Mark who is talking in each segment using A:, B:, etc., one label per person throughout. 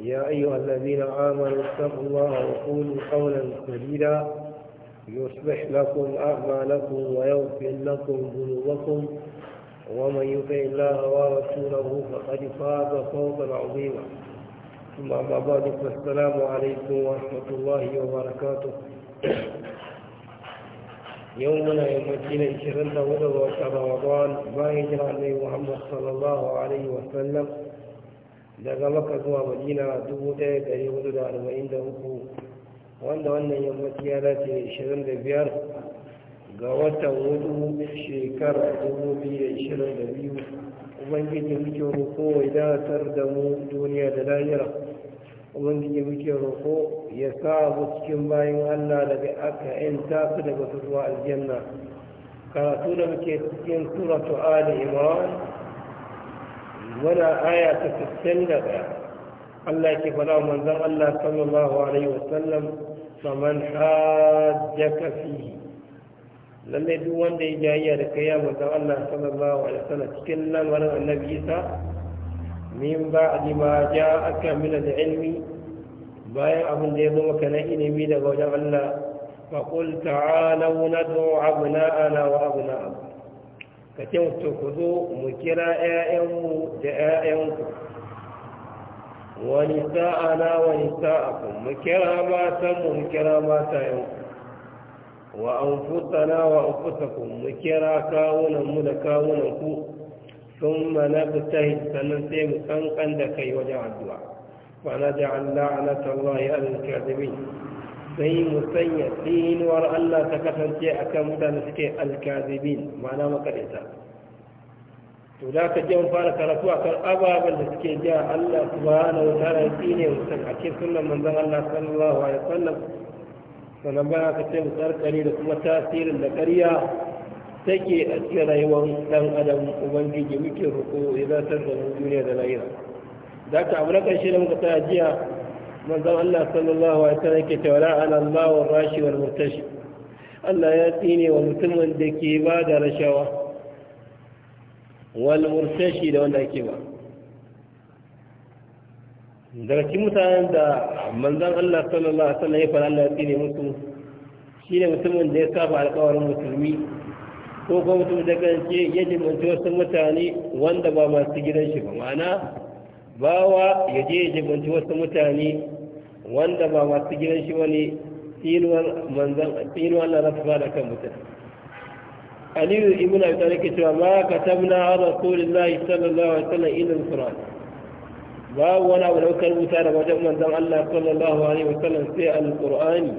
A: يا أيها الذين آمنوا اتقوا الله وقولوا قولا سديدا يصلح لكم أعمالكم ويغفر لكم ذنوبكم ومن يطع الله ورسوله فقد فاز فوزا عظيما ثم أما بعد فالسلام عليكم ورحمة الله وبركاته يومنا يمكن إن شرنا ودوا رمضان ما يجرى عليه محمد صلى الله عليه وسلم daga maka zuwa madina dubu ɗaya ɗari hudu da arba'in da uku wanda wannan yammaci ya dace da ishirin da biyar ga watan hudu shekarar dubu biyu da ishirin da biyu ubangiji muke roƙo ya datar da mu duniya da lahira ubangiji muke roƙo ya sa mu cikin bayan allah daga aka yin tafi daga su zuwa aljanna karatu da muke cikin suratu ali imran muna aya ta 61 Allah ke faɗa manzon Allah sallallahu alaihi wasallam faman hajjaka fihi lalle duk wanda ya jayayya da kai ya manzon Allah sallallahu alaihi wasallam cikin lamarin annabi Isa min ba'di ja ja'aka min da ilmi bayan abin da ya zo maka na ilimi daga wajen Allah fa qul ta'alu nad'u abna'ana wa abu. ka ce mutu ku zo mu kira ‘ya'yanmu da ‘ya'yanku wani sa'a na wani sa'a ku mu kira matanmu mu kira matayenku wa an na wa an ku mu kira kawunanmu da kawunanku sun mana yi sannan sai mu kankan da kai wajen addu'a fa na ja'alla a nasarar ya'adun kyazimin sai musanya tsinuwar Allah ta kasance a kan mutane suke alkazibin ma'ana makarita to da ka jan fara karatu a kan ababen da suke ja Allah subhanahu wa ta'ala ya tsine mutum a ke sunan manzan Allah sallallahu alaihi wasallam sannan ba ka ce mutsarkari da kuma tasirin da ƙarya take a cikin rayuwar ɗan adam ubangiji muke roƙo ya zartar da mu duniya da lahira da ka abu na ƙarshe da muka tsaya jiya manzon Allah sallallahu alaihi wasallam yake cewa la'ana Allah wa rashi wal murtashi Allah ya tsine wa mutumin da ke ba da rashawa wal murtashi da wanda ake ba daga cikin mutanen da manzon Allah sallallahu alaihi wasallam ya fara Allah ya tsine musu shine mutumin da ya saba alƙawarin musulmi ko kuma mutum da kan ce ya jimanci wasu mutane wanda ba masu gidan shi ba ma'ana bawa ya je ya jibanci wasu mutane wanda ba masu gidan shi wani tsinuwan na rasu da kan mutum aliyu ibn abi talib ke cewa ma katabna ala rasulillahi sallallahu alaihi wasallam illa al-quran ba wani abu da muka rubuta da wajen manzon Allah sallallahu alaihi wasallam sai al-qur'ani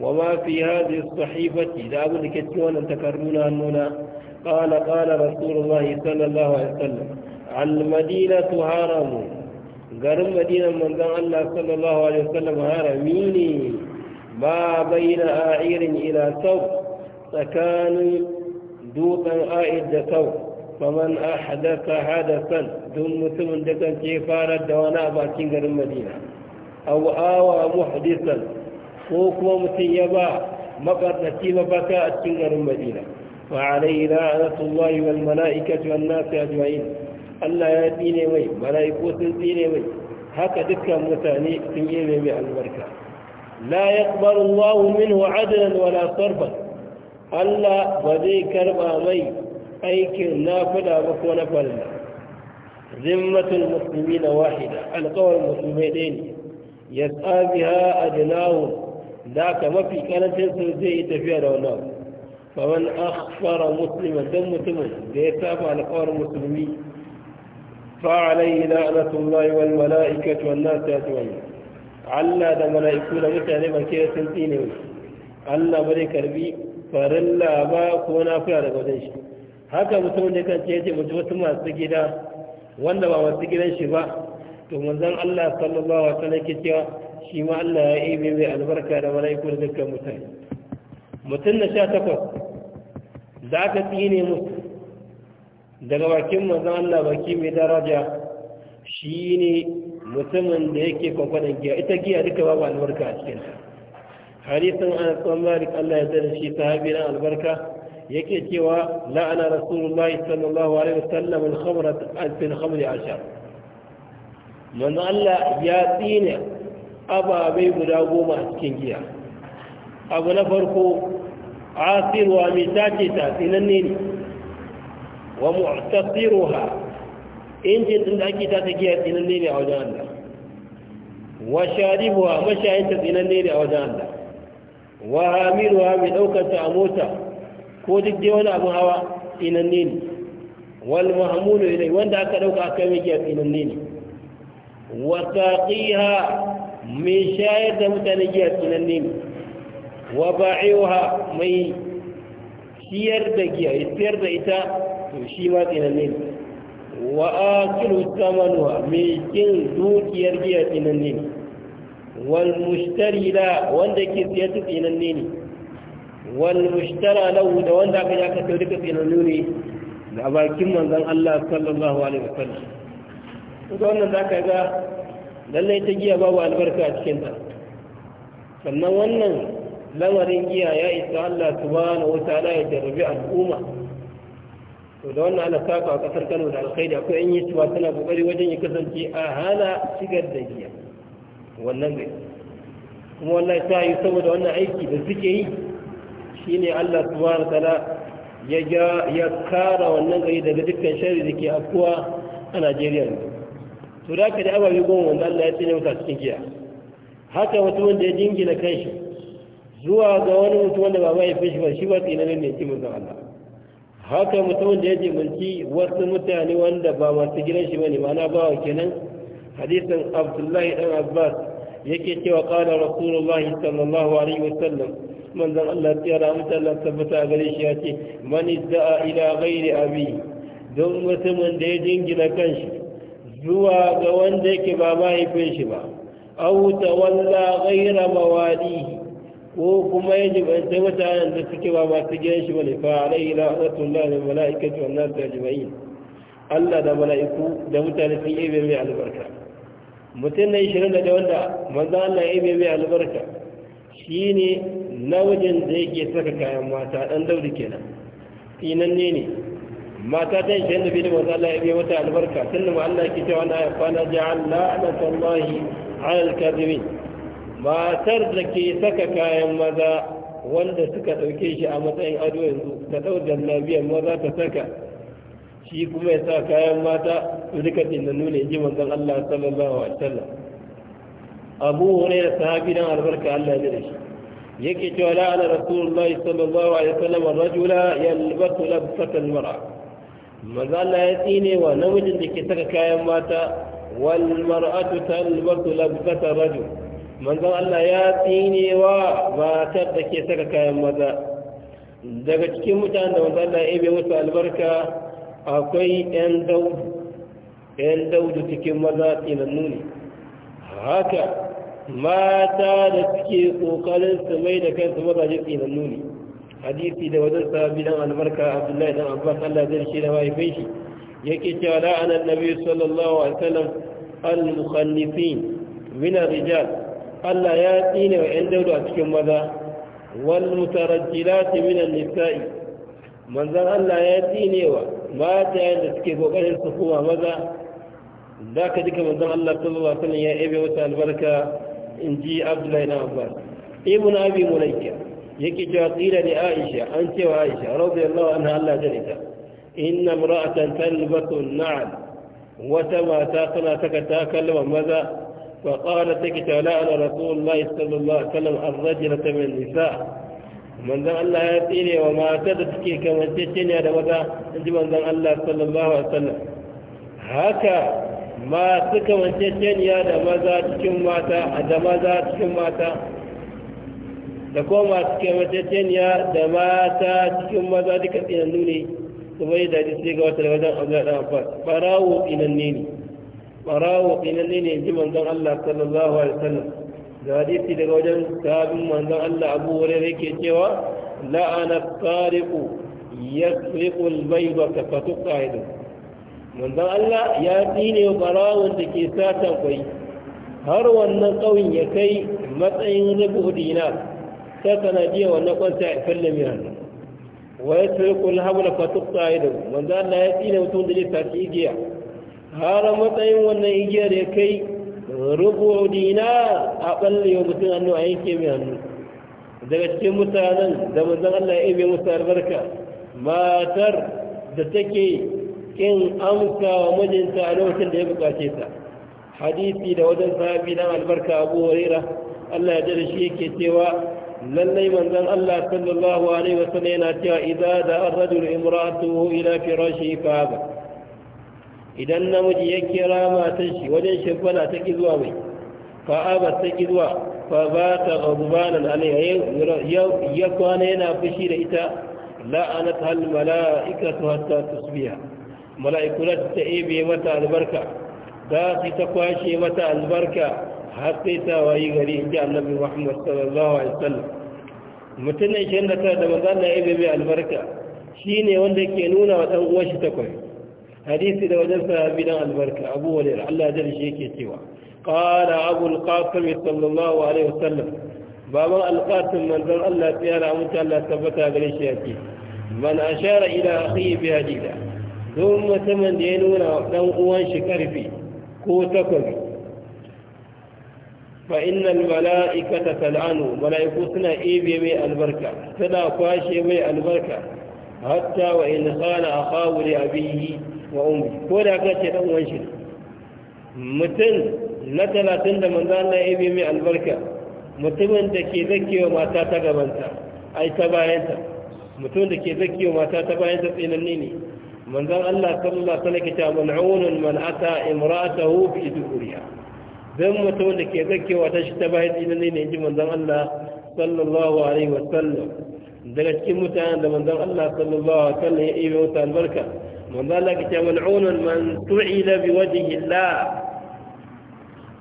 A: wa ma fi hadhihi as-sahifati da abu da ke cikin wannan takarduna nuna qala qala rasulullahi sallallahu alaihi wasallam al-madinatu haramun garin madinan manzan Allah sallallahu alaihi wasallam harami ne ba na a'irin ila sau tsakanin dutsen a'id da sau faman ahdaka hadasan don mutumin da kan ce farar da wani a bakin garin madina aw awa muhdisan ko kuma mutum ya ba mabarnaci mafaka a cikin garin madina fa alayhi la'natullahi wal mala'ikati wan nasi ajma'in Allah ya tsine mai mala'iku sun tsine mai haka dukkan mutane sun yi mai albarka la yaqbalu Allahu minhu adlan wala sarfan Allah ba zai karba mai aikin nafila ba ko na farilla zimmatul na wahida alqawal muslimai dai ne yas'a biha adnahu da ka mafi karancin su zai tafiya da wannan fa man akhfara musliman dan mutumin da ya saba alkawar musulmi فعليه لعنة الله والملائكة والناس أجمعين Allah da mala'iku da mutane baki da sun tsine mai Allah ba zai karbi farilla ko na fiya daga wajen shi haka mutum da kan ce ce mutum wasu masu gida wanda ba masu gidan shi ba to manzon Allah sallallahu alaihi wasallam ke cewa shi ma Allah ya yi mai albarka da mala'iku da dukkan mutane mutum na sha takwas tsine musu daga bakin mazan Allah baki mai daraja shi ne mutumin da yake kwakwadon giya ita giya duka babu albarka a cikin hadisin an tsohon Malik Allah ya zara shi sahabi na albarka yake cewa la'ana rasulullahi sallallahu alaihi wasallam al-khamrat al khamri ashar manzo Allah ya tsine ababai guda goma a cikin giya abu na farko asirwa mai tace ta tsinanne ne wa mu'tasiruha injin din da ake ta ta giya ne a wajen Allah wa sharibuha mashayin ta tsinanne ne a wajen Allah wa hamiruha mai daukar ta a mota ko duk dai wani abin hawa tsinanne ne wal mahmulu ilai wanda aka dauka aka mai giya tsinanne ne wa taqiha mai shayar da mutane giya tsinanne ne wa ba'iha mai siyar da giya siyar da ita shi ma tsinanne ne wa a akilu samanuwa mai kin dukiyar giya tsinanne ne wal mushtari da wanda ke siya su tsinanne ne wal mushtara lahu da wanda aka ya kace duka tsinanne ne da bakin manzan Allah sallallahu alaihi wasallam to wannan zaka ga lallai ta giya babu albarka a cikin sannan wannan lamarin giya ya isa Allah su subhanahu wataala ya jarabi al'umma to da wannan ana saka a kasar kano da alkhairi akwai yan yisuwa tana kokari wajen ya kasance a hana shigar da giya wannan gari kuma wallahi ta yi saboda wannan aiki da suke yi shine Allah subhanahu wataala ya ya kara wannan gari daga dukkan shari da ke afkuwa a Najeriya to da aka da ababe goma wanda Allah ya tsine mutane cikin giya haka wata wanda ya jingina kanshi zuwa ga wani mutum wanda ba ma ya fashi ba shi ba tsinanin ne ci mutum Allah haka mutumin da ya mulki wasu mutane wanda ba masu gidan shi bane ma'ana wa kenan hadisin abdullahi dan abbas yake cewa qala rasulullahi sallallahu alaihi wasallam manzon Allah ya rahama ta Allah tabbata gare shi ya man da'a ila ghairi abi don mutumin da ya jingina kanshi zuwa ga wanda yake ba mahaifin shi ba aw tawalla ghaira mawalihi ko kuma ya jibanci mutanen da suke ba masu gidan shi bane fa alaihi la azatun la da mala'ikatu wan nas ajma'in Allah da mala'iku da mutane sun yi mai albarka mutum na shirin da wanda manzo Allah ya yi mai albarka shine namijin da yake saka kayan mata dan daudi kenan tinan ne mata ta 22 da manzo Allah ya yi mata albarka tunda Allah yake cewa na fa na ja'alna ala sallahi ala al-kadhibin matar da ke saka kayan maza wanda suka ɗauke shi a matsayin ado yanzu ta ɗau jallabiyar maza ta saka shi kuma ya sa kayan mata su duka tsinannu ne ji manzon Allah sallallahu alaihi wasallam Abu da sahabi dan albarka Allah ya da shi yake cewa la'ana rasulullahi sallallahu alaihi wasallam rajula yalbasu labsatal mar'a maza Allah ya tsine wa namijin da ke saka kayan mata wal mar'atu talbasu labsata rajul manzon Allah ya tsinewa matar da ke saka kayan maza daga cikin mutane da manzon Allah ya bai musu albarka akwai ƴan daudu 'yan daudu cikin maza tsinannu ne haka mata da suke kokarin su mai da kansu mazaje tsinannu ne hadisi da wajen sahabi dan albarka abdullahi dan abbas Allah zai shi da mahaifin shi yake cewa la'anar nabi sallallahu alaihi wasallam al mukhannifin min ar-rijal Allah ya tsine wa ‘yan daudu a cikin maza wal mutarajjilati minan nisa'i manzan Allah ya tsine wa mata yadda suke kokarin su kuma maza za ka jika manzan Allah ta sallallahu alaihi ya ebe wata albarka in ji Abdullahi na Abbas ibn Abi Mulayka yake cewa tsira ne Aisha an cewa Aisha radiyallahu anha Allah ta rika inna imra'atan talbatu na'al wata mata tana saka takalma maza فقال تكتا لعن رسول الله صلى الله عليه وسلم الرجلة من النساء من ذا الله يتيني وما تدتكي كما تتيني هذا مدى أنت من ذا الله صلى الله عليه وسلم هكا ما تك من تتيني هذا مدى تكم ماتا هذا مدى تكم ماتا da kuma masu kyamatateniya da ماتا تكم ماتا duka tsinannu ne su bai da sai ga wata da wajen abu da ɗan fas farawo tsinanne ne barawo tsinanne ne ji manzon Allah sallallahu alaihi wasallam da hadisi daga wajen sabin manzon Allah Abu wurin yake cewa la'ana sariqu yasriqu al ka fatu ƙa'idu manzon Allah ya tsine barawon da ke satan kwai har wannan ƙauyen ya kai matsayin rubu dinar ta sanadiyar wannan kwanta a fallon yana wa yasriqu alhabu da fatu ƙa'idu manzon Allah ya tsine mutum da ne sati igiya har matsayin wannan igiyar ya kai rubu dina a ɓalle yau mutum hannu a yanke mai hannu daga cikin mutanen da zan Allah ya ibe musu albarka matar da take kin amsa wa mijinta a lokacin da ya bukace ta hadisi da wajen sahabi dan albarka abu huraira Allah ya jira shi yake cewa lallai manzon Allah sallallahu alaihi wasallam yana cewa idza da ar-rajulu imra'atuhu ila firashihi fa idan namiji ya kira matan shi wajen shimfana ta ki zuwa mai fa'aba ta ki zuwa fa ba ta gabanan alaiya ya kwana yana fushi da ita la'anat hal mala'ikatu hatta tusbiya mala'ikuna ta ebe mata albarka za su ta kwashe mata albarka har sai ta wayi gari inji annabi muhammad sallallahu alaihi wasallam mutumin shi da ta da manzon na ya ebe mai albarka shine wanda ke nuna wa ɗan uwan shi takwai hadisi da wajen sahabi dan albarka abu walir Allah ya shi yake cewa qala abu al-qasim sallallahu alaihi wasallam baban al-qasim manzon Allah tsiyara mutu Allah tabbata gare shi yake man ashara ila akhi bi hadida don mutumin da ya nuna dan uwan shi karfi ko takwabi fa innal mala'ikata tal'anu mala'iku suna ebe mai albarka suna kwashe mai albarka hatta wa in qala akhawu li abihi wa umri ko da ka ce dan uwan shi mutum na talatin da manzo Allah ya yi mai albarka mutumin da ke zakewa mata ta gabanta ai ta bayanta mutum da ke zakewa mata ta bayanta tsinanni ne manzon Allah sallallahu alaihi wasallam mal'unun man ata imra'atahu fi duburiha dan mutum da ke zakewa ta shi ta bayanta tsinanni ne inji manzon Allah sallallahu alaihi wa sallam daga cikin mutanen da manzon Allah sallallahu alaihi wa sallam ya yi mutane albarka manzo Allah ke cewa mal'unun bi wajhi Allah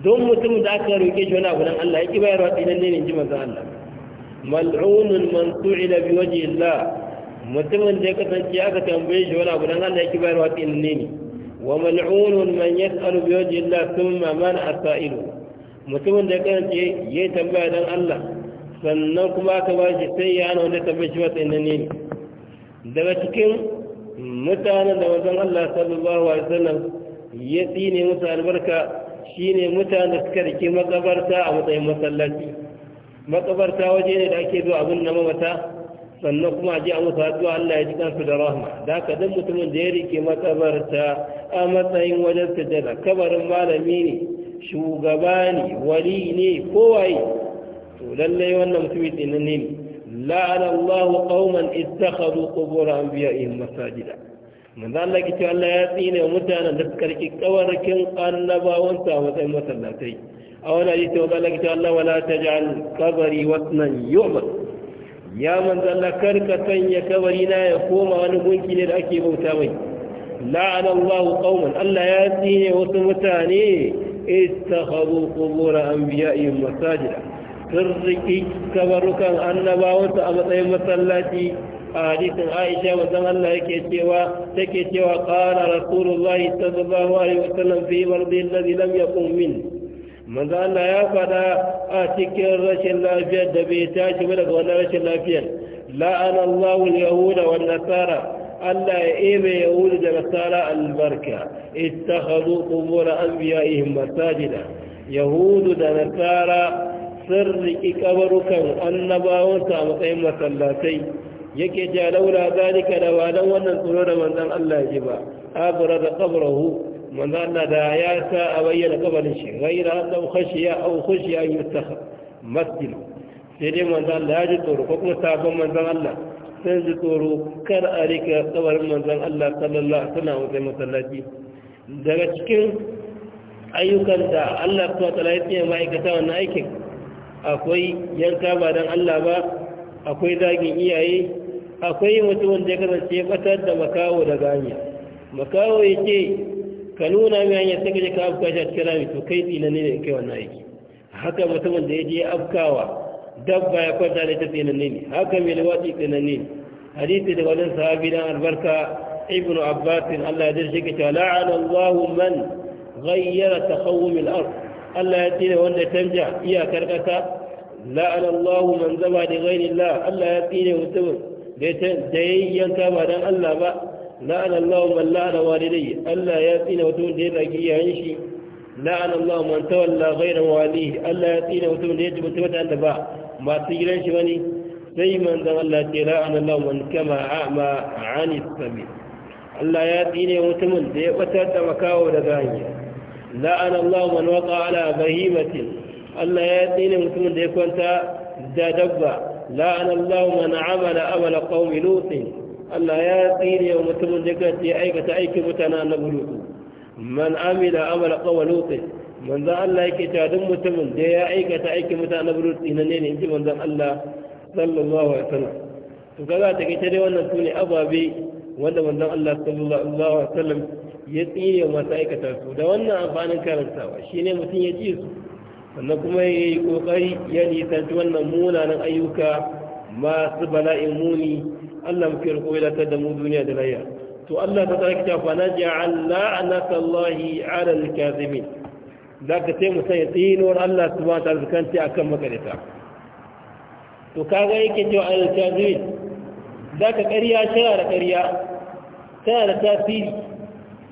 A: don mutum da aka roke shi wani abu dan Allah yake bayarwa dinan ne in ji manzo Allah mal'unun man tu'ila bi wajhi Allah mutumin da ya kasance aka tambaye shi wani abu dan Allah yake bayarwa dinan ne ne wa mal'unun man yas'alu bi da Allah sannan kuma aka ba shi sai ya daga cikin mutanen da wajen Allah sallallahu alaihi wasallam ya tsine musu albarka shine mutanen da suka rike makabarta a matsayin masallaci makabarta waje ne da ake zuwa abin na mamata sannan kuma ji a musu addu'a Allah ya ji kansu da rahma da haka dan mutumin da ya rike makabarta a matsayin wajen sujada kabarin malami ne shugaba ne wali ne kowaye to lallai wannan mutumin tsinanne ne la'ana Allahu qauman ittakhadhu qubur anbiya'ihim masajida manzo Allah kici Allah ya tsine mutanen da suka riki kawarkin annabawan ta matsayin masallatai a wani hadisi wanda Allah kici Allah wala taj'al qabri watnan yu'bad ya manzo Allah karka sanya kabari na ya koma wani gunki ne da ake bauta mai la'ana Allahu qauman Allah ya tsine wasu mutane ittakhadhu sun riƙi kabarukan annabawansu a matsayin masallaci a hadisin aisha mazan allah yake cewa take cewa kara rasulullahi sallallahu alaihi wasallam fi mardin ladhi lam yakun min manzo allah ya fada a cikin rashin lafiyar da bai tashi ba daga wannan rashin lafiyar la'ana allahu al-yahuda wan nasara ألا يئيم يهود نصارى البركة اتخذوا قبور أنبيائهم مساجدا يهود نصارى sun riƙi kabarukan annabawansa a matsayin masallatai yake ja laura zalika da ba don wannan tsoro da manzan Allah ji ba abura da kabarahu manzan Allah da ya sa a bayyana kabarin shi gaira dan khashiya au khashiya yustakha masjid sai dai manzan Allah ya ji tsoro ko kuma sabon manzan Allah sun ji tsoro kar a rika kabarin manzan Allah sallallahu alaihi wasallam matsayin masallaci daga cikin ayyukan da Allah subhanahu wa ta'ala ya yi ma'aikata wannan aikin akwai yanka ba don Allah ba akwai zagin iyaye akwai mutumin da ya kasance batar da makawo da ganya makawo ya ce ka nuna mai hanyar sai kaje ka afka shi a cikin rami to kai tsina ne da kai wannan aiki haka mutum da ya je afkawa dabba ya kwanta da ta tsina ne haka mai lawati tsina ne hadisi da wani sahabi dan albarka ibn abbas Allah ya dace ka cewa la'ana Allah man ghayyara taqawum al-ard Allah ya tsine wanda canja iyakar ƙasa la'ana Allah man zama da ghairi Allah Allah ya tsine mutumin da ya yanka ba don Allah ba la'ana Allah man la'ana walidai Allah ya tsine mutumin da ya zagi iyayen shi la'ana Allah man tawalla ghairan wali Allah ya tsine mutumin da ya ji mutum da ba masu gidan shi bane sai man zama Allah ce la'ana Allah man kama a'ma 'ani sabil Allah ya tsine mutumin da ya batar da makawo daga hanya la'ana Allah man waqa ala bahimatin Allah ya tsine mutumin da ya kwanta da dabba la'ana Allah man amala amala qaumi lutin Allah ya tsine wa mutumin da ya aikata aikin mutanen na lutin man amila amala qaumi lutin manzan Allah yake cewa duk mutumin da ya aikata aikin mutanen na lutin ne ne inji manzan Allah sallallahu alaihi wasallam to kaga take ta dai wannan sune ababe wanda manzon Allah sallallahu alaihi wasallam ya tsire wa masu aikata su da wannan amfanin karanta karantawa shi ne mutum ya ci su sannan kuma ya yi ƙoƙari ya nisanci wannan munanan ayyuka masu bala'in muni allah mafi riko ya da mu duniya da layya to allah ta tsarki ta fana ja'al la'anata allahi ala al-kazimin za ka sai mu sanya tsinuwar allah su ba ta zukanci a kan makarita to ka ga yake cewa al-kazimin za ka ƙarya tana da ƙarya tana da tasiri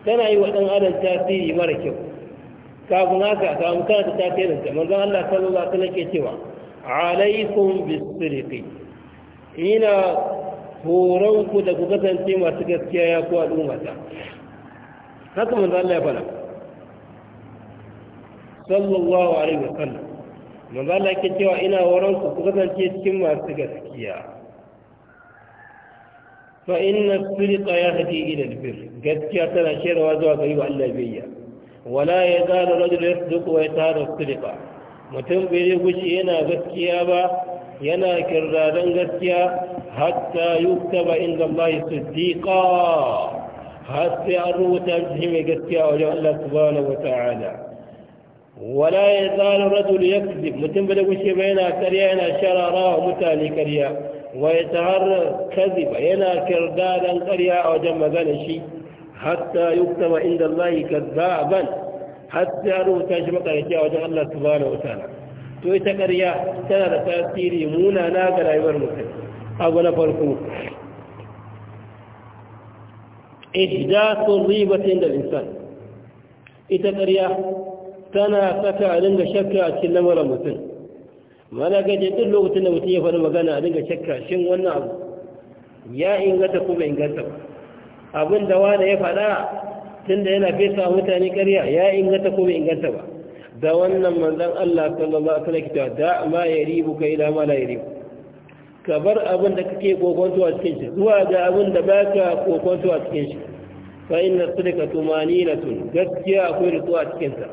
A: tana yi wa ɗan adam tasiri mara kyau kafin haka kafin kana da tasirin ta manzon Allah sallallahu alaihi wasallam ke cewa alaikum bisiriqi ina horon ku da ku kasance masu gaskiya ya ku al'ummata haka manzon Allah ya fara sallallahu alaihi wasallam manzon Allah ke cewa ina horon ku ku kasance cikin masu gaskiya فإن الصدق يهدي إلى البر قد كاتنا شير وزوك أيها اللبية ولا يزال الرجل يصدق ويتهار الصدق متن بيقش ينا غسكيا با ينا كرارا غسكيا حتى يكتب عند الله صديقا حتى أروت أجهم غسكيا وجه الله سبحانه وتعالى ولا يزال الرجل يكذب متن بيقش ينا كريا ينا شرارا ومتالي كريا ويتعرض كذب ينا كردادا قريا او جمع شيء حتى يكتب عند الله كذابا حتى يروح تجمق يتيا وجه الله سبحانه وتعالى تو ايتا قريا تنا رتاتيري مونا ناقر ايوار مكتب اولا فرقو احداث طيبة عند الانسان ايتا قريا تنا فكا لنشكا اتشلم ولا مسلم mana gaje duk lokacin da mutum ya faru magana a dinga shakka shin wannan abu ya inganta kuma inganta ba abin da wani ya faɗa tun da yana fesa wa mutane ƙarya ya inganta kuma inganta ba da wannan manzan Allah sallallahu alaihi wasallam da ma ya ribu kai da ma la ya ribu ka bar abin da kake kokonto a cikin shi zuwa ga abin da baka kokonto a cikin shi fa inna sidqa tumaninatun gaskiya akwai rutuwa cikin ta.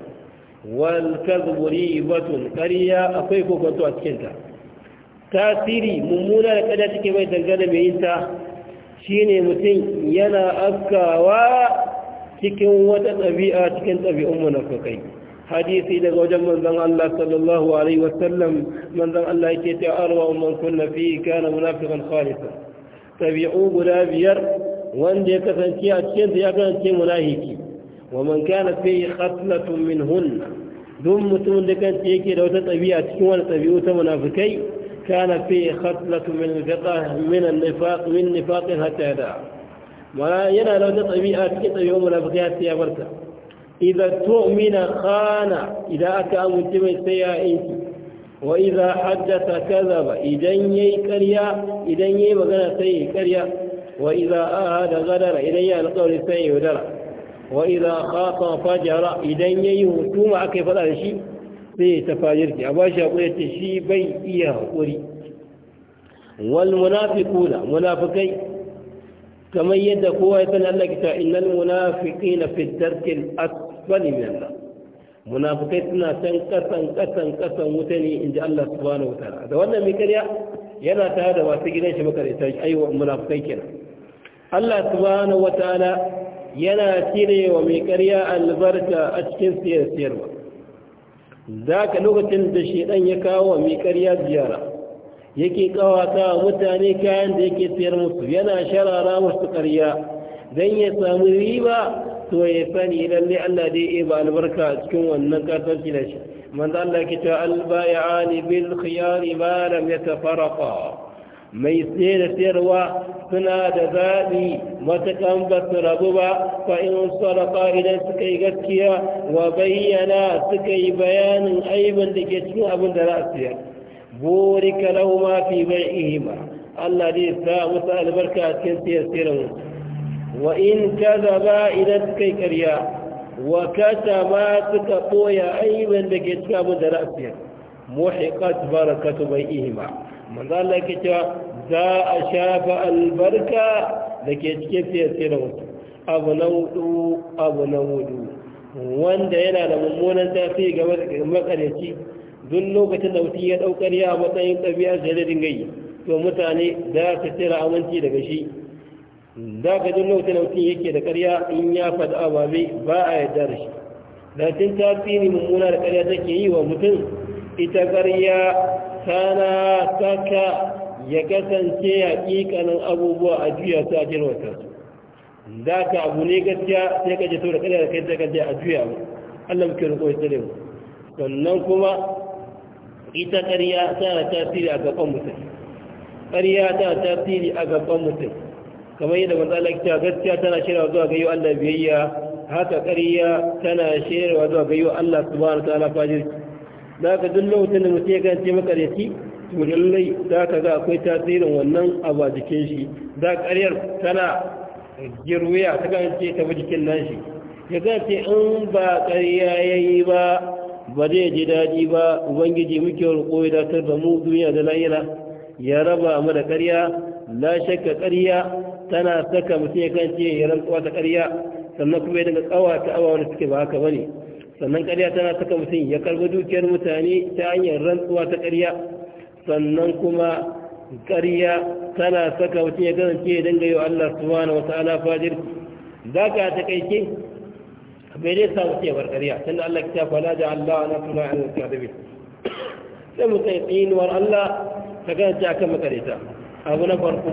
A: wal kadhbu batun kariya akwai kokonto a cikin ta tasiri mummuna da kada take mai dangane mai ta shine mutum yana askawa cikin wata ɗabi'a cikin ɗabi'un munafikai hadisi daga wajen manzon Allah sallallahu alaihi wasallam manzon Allah yake ta arwa man kunna fi kana munafiqan khalisan ɗabi'u guda biyar wanda ya kasance a cikin ya kasance munafiki ومن كانت فيه خطلة منهن دم متون لكن تيكي لو تتبيع تكون تطبيع منافقي كانت فيه خطلة من من النفاق من نفاق حتى ولا ينا لو تطبيع تكون منافقي حتى يبرتا إذا تؤمن خان إذا أتى مجتمع سيئة وإذا حدث كذب إذا يي كريا إذا يي سيئ كريا وإذا آهد غدر إذا يي القول سيئ ودرأ wa idza khata fajara idan yayi hukuma akai fada da shi sai ta tafajirki a bashi hakuri ta shi bai iya hakuri wal munafiquna munafikai kamar yadda kowa ya sani Allah kita innal munafiqina fi darkil asfali min Allah munafikai suna san kasan kasan kasan wuta ne inji Allah subhanahu wataala da wannan mai karya yana tare da wasu gidan shi makarita shi aiwa munafikai kenan Allah subhanahu wataala yana cire wa mai ƙarya albarka a cikin siyar ba, za ka lokacin da shaidan ya kawo mai ƙarya ziyara yake kawata mutane kayan da yake siyar musu yana sharara musu ƙarya don ya samu riba to ya sani lallai Allah da ya ba albarka a cikin wannan kasarci da shi manzo Allah ke cewa albai'ani bil khiyari ma lam yatafarqa mai tsaye da sayarwa suna da zaɓi matakan ba su rabu ba fa in sarrafa idan suka yi gaskiya wa bayyana suka yi bayanin aibin da ke cikin abin da za a siyar burika lau ma fi bai'ihima Allah zai sa musu albarka a cikin siyar sirrin wa in kaza ba idan suka yi ƙarya wa kata ma suka ɓoya aibin da ke cikin abin da za a siyar muhiqat barakatu bai'ihima manzo Allah yake cewa za a shafa albarka da ke cikin da wasu abu na hudu abu na hudu wanda yana da mummunan tafi ga makarici duk lokacin da mutum ya daukar ya matsayin ɗabi'a da zai dingayi to mutane za su tsira aminci daga shi za ka duk lokacin da mutum yake da ƙarya in ya faɗi ababe ba a yarda da shi da tun tasiri mummuna da ƙarya take yi wa mutum ita ƙarya kana taka ya kasance hakikanin abubuwa a juya su a jirwata su za ka abu ne gaskiya sai ka ce saboda da kada da kai sai ka je a juya mu Allah muke rikon ya tsare sannan kuma ita ƙarya tana tasiri a gaban mutum ƙarya tana tasiri a gaban mutum kamar yadda manzo Allah kita gaskiya tana shirya zuwa ga yau Allah biyayya haka ƙarya tana shirya zuwa ga yau Allah subhanahu wa ta'ala fajirci da ka duk lokacin da mutum ya maka makaryaci to lallai za ka ga akwai tasirin wannan abu a jikin shi za ƙaryar tana girwiya ta ce ta jikin nan shi ya ce in ba ƙarya ya yi ba ba zai ji daɗi ba ubangiji muke roƙo ya ta da mu duniya da lahira ya raba mu da ƙarya la shakka ƙarya tana saka mutum ya ce ya rantsuwa ta ƙarya sannan kuma ya dinga ta awa wanda suke ba haka ne. sannan ƙarya tana saka mutum ya karbi dukiyar mutane ta hanyar rantsuwa ta ƙarya sannan kuma ƙarya tana saka mutum ya kasance ya dinga yi wa Allah subhanahu wa ta'ala fajir za ka ta kaike bai dai sa mutum ya bar ƙarya tunda Allah ya tafa la da Allah na tuna an kadabi sai mu sai tsinuwar Allah ta kasance akan makarita abu na farko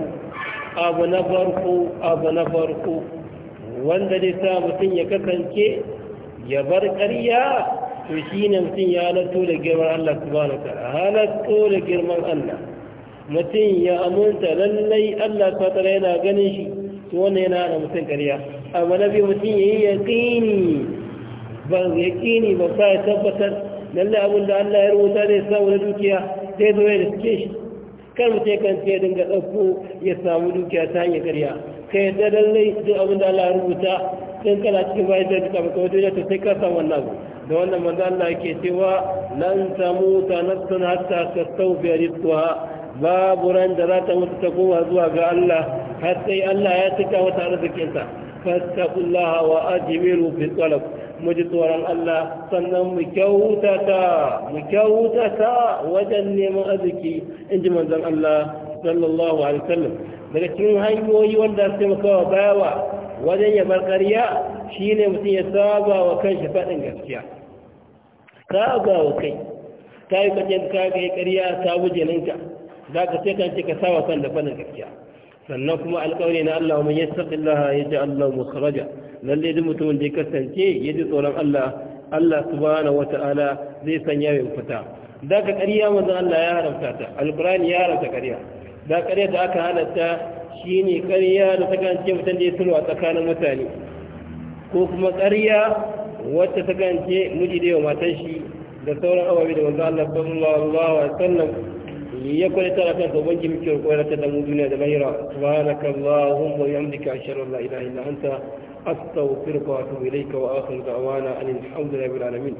A: abu na farko abu na farko wanda dai sa mutum ya kasance ya bar ƙarya to shi ne mutum ya halatto da girman Allah subhanahu ta'ala halatto da girman Allah mutum ya aminta lallai Allah ta'ala yana ganin shi to wannan yana da mutum ƙarya amma biyu mutum ya yayi yaqini ba yaqini ba ya tabbatar lallai abin da Allah ya rubuta da ya samu na dukiya sai zo ya riske shi kar mutum ya kan ya dinga ɗauko ya samu dukiya ta hanyar ƙarya ka yadda lallai duk abin da Allah ya rubuta Sai kana cikin bayan da duka baka wajen yata sai ka san wannan da wannan manzo Allah ke cewa lan tamuta nafsun hatta a rizqaha babu ran da za ta mutu ta koma zuwa ga Allah har sai Allah ya cika wata arzikinta fastaqullaha wa ajmilu fi talab mu ji tsoron Allah sannan mu kyautata mu kyautata wajen neman arziki in ji manzon Allah sallallahu alaihi wasallam daga cikin hanyoyi wanda sai mu kawo bayawa wajen ya bar ƙarya shi ne mutum ya saba wa kan shi faɗin gaskiya saba wa kai ta yi kacin ka kai ƙarya ta wuce ninka za ka ce kan ce ka saba kan da faɗin gaskiya sannan kuma alƙawari na Allah mai yasa laha, ya ji Allah mukharaja lalle duk mutumin da ya kasance ya ji tsoron Allah Allah subhanahu wata'ala zai sanya mai fita da ka ƙarya manzon Allah ya haramta ta alƙur'ani ya haramta ƙarya da ƙarya da aka halatta shine ƙarya da ta kance mutum da ya sulwa tsakanin mutane ko kuma ƙarya wacce ta kance miji da yawa matan shi da sauran ababe da wanzu Allah sallallahu alaihi wasallam ya kwale tara kan sauban ki muke koyar ta da mu duniya da lahira subhanaka allahumma wa bihamdika ashhadu an la ilaha illa anta astaghfiruka wa atubu ilayka wa akhiru da'wana alhamdulillahi rabbil alamin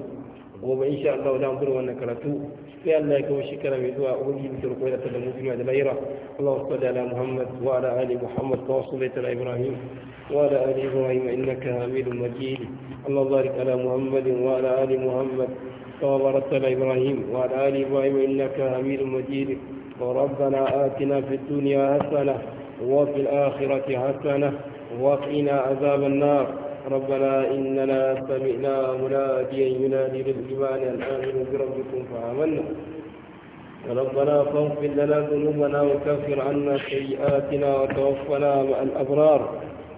A: gobe insha Allah da mun wannan karatu sai Allah ya kawo shekara mai zuwa ubangi da turko da da mutum da laira Allahu salli ala Muhammad wa ala ali Muhammad wa sallallahu ala Ibrahim wa ala ali Ibrahim innaka Hamidum Majid Allahu barik ala Muhammad wa ala ali Muhammad wa barik ala Ibrahim wa ala ali Ibrahim innaka Hamidum Majid wa ربنا آتنا في الدنيا حسنة وفي الآخرة حسنة وقنا عذاب النار ربنا إننا سمعنا مناديا ينادي للإيمان أن آمنوا بربكم فآمنا ربنا فاغفر لنا ذنوبنا وكفر عنا سيئاتنا وتوفنا مع الأبرار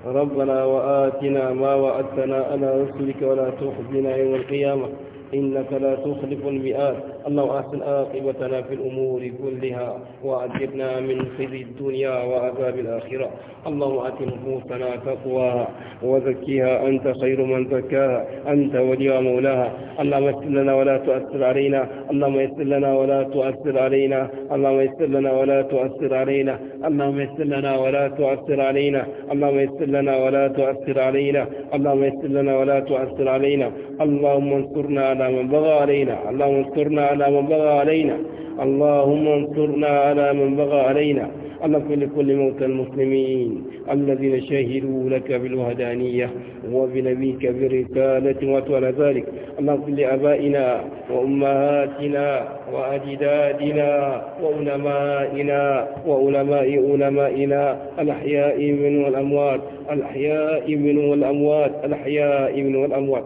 A: ربنا وآتنا ما وعدتنا على رسلك ولا تخزنا يوم القيامة إنك لا تخلف المئات الله أحسن آقبتنا في الأمور كلها وأجبنا من خزي الدنيا وعذاب الآخرة الله أتم نفوسنا تقواها وزكيها أنت خير من زكاها أنت ولي مولاها اللهم يسر لنا ولا تؤثر علينا اللهم يسر لنا ولا تؤثر علينا اللهم يسر لنا ولا تؤثر علينا اللهم يسر لنا ولا تؤثر علينا اللهم يسر لنا ولا تؤثر علينا اللهم يسر لنا ولا تؤثر علينا اللهم انصرنا على من بغى علينا اللهم انصرنا على من بغى علينا اللهم انصرنا على من بغى علينا اللهم لكل موتى المسلمين الذين شهدوا لك بالوهدانية وبنبيك برسالة وعلى ذلك اللهم لأبائنا وأمهاتنا وأجدادنا وعلمائنا وعلماء علمائنا الأحياء من والأموات الأحياء من والأموات الأحياء من والأموات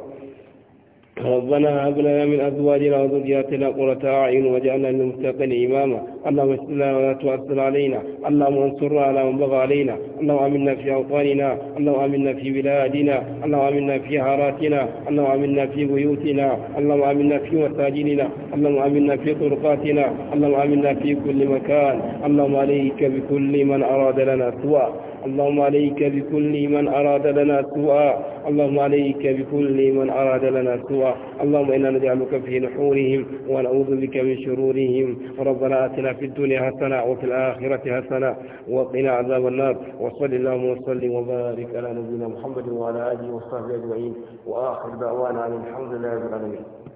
A: ربنا هب لنا من ازواجنا وذرياتنا قرة اعين واجعلنا للمتقين اماما اللهم اغفر لنا ولا تؤثر علينا اللهم انصرنا على من بغى علينا اللهم امنا في اوطاننا اللهم امنا في بلادنا اللهم امنا في حاراتنا اللهم امنا في بيوتنا اللهم امنا في مساجدنا اللهم امنا في طرقاتنا اللهم امنا في كل مكان اللهم عليك بكل من اراد لنا سواه. اللهم عليك بكل من أراد لنا سوءا اللهم عليك بكل من أراد لنا سوءا اللهم إنا نجعلك في نحورهم ونعوذ بك من شرورهم ربنا آتنا في الدنيا حسنة وفي الآخرة حسنة وقنا عذاب النار وصل اللهم وسلم وبارك على نبينا محمد وعلى آله وصحبه أجمعين وآخر دعوانا أن الحمد لله رب العالمين